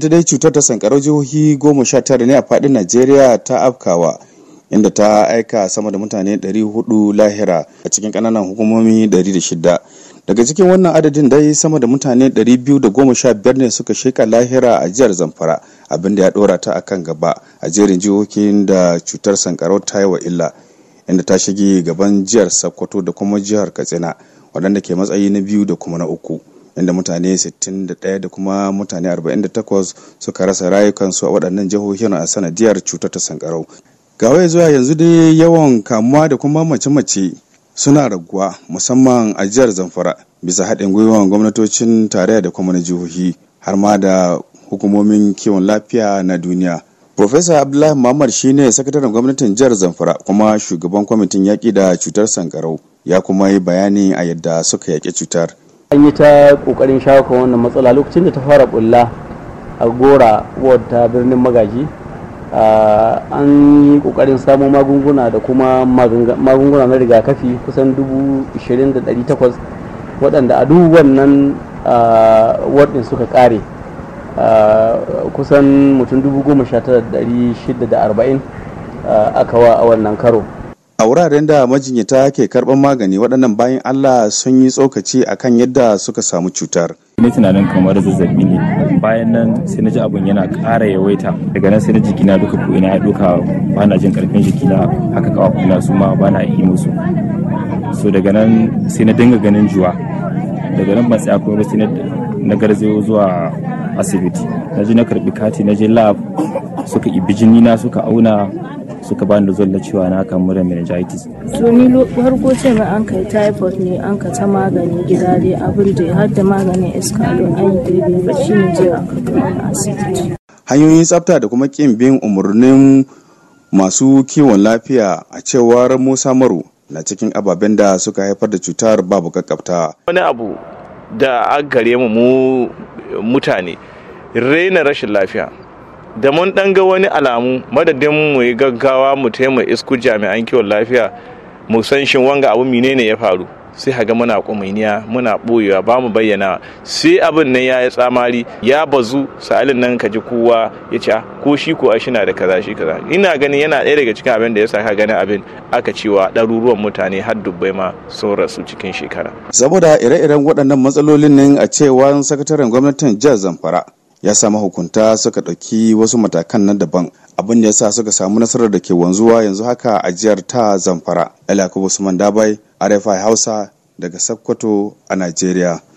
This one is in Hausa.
ita dai cutar ta sankarau jihohi goma sha tara ne a faɗin najeriya ta afkawa inda ta aika sama da mutane 400 lahira a cikin kananan hukumomi shida daga cikin wannan adadin dai sama da mutane 215 ne suka sheka lahira a jihar zamfara abinda ya dora ta kan gaba a jerin jihohin da cutar sankarau ta yi wa illa inda ta shige gaban jihar sokoto da kuma jihar katsina waɗanda ke matsayi na biyu da kuma na uku inda mutane 61 da kuma mutane 48 suka rasa rayukansu a waɗannan jihohin a sanadiyar cutar ta sankarau gawai zuwa yanzu dai yawan kamuwa da kuma mace-mace suna raguwa musamman a jihar zamfara bisa haɗin gwiwar gwamnatocin tarayya da kuma na jihohi har ma da hukumomin kiwon lafiya na duniya Profesa Abdullahi Muhammad ne sakataren gwamnatin jihar Zamfara kuma shugaban kwamitin yaƙi da cutar sankarau ya kuma yi bayani a yadda suka yaƙi cutar an yi ta kokarin shakon wannan matsala lokacin da ta fara bulla a gora ward ta birnin magaji an yi kokarin samo magunguna da kuma magunguna na rigakafi kusan 20,800 waɗanda a duk wannan ward suka kare kusan mutum 10,640 aka wa a wannan karo a wuraren da majinyata ke karban magani waɗannan bayan allah sun yi tsokaci akan yadda suka samu cutar ni tunanin kamar zazzabi ne bayan nan sai na ji abun yana ƙara yawaita daga nan sai na na duka ko ina ya duka ba na jin ƙarfin jikina haka kawa kuna su ma ba na yi musu so daga nan sai na dinga ganin juwa daga nan ba sai akwai ba sai na garzayo zuwa asibiti na ji na karbi kati na je lab suka ibi jini na suka auna suka bani da zuwa cewa na kamu da meningitis. to ni farko ce mai an kai typhoid ne an ka ta magani gida dai abin da ya hada maganin escalon an yi daidai ba shi ne je an asibiti. hanyoyin tsafta da kuma kin bin umarnin masu kiwon lafiya a cewar musa maru na cikin ababen da suka haifar da cutar babu kakkafta. wani abu da an gare mu mutane raina rashin lafiya da mun ɗan ga wani alamu madadin mu yi gaggawa mu taimaka isku jami'an kiwon lafiya mu san shin wanga abu menene ya faru sai haga muna kumainiya muna boyewa ba mu bayyana sai abin nan ya yi tsamari ya bazu sa'alin nan ka ji kowa ya ce ko shi ko shi na da kaza shi kaza ina ganin yana ɗaya daga cikin abin da ya saka ganin abin aka cewa ɗaruruwan mutane har dubbai ma sun rasu cikin shekara saboda ire-iren waɗannan matsalolin ne a cewa sakataren gwamnatin jihar zamfara ya sa hukunta suka ɗauki wasu matakan na daban abin da ya sa suka samu nasarar da ke wanzuwa yanzu haka a jihar ta zamfara. Yakubu Usman Dabai, RFI Hausa daga Sokoto a Najeriya.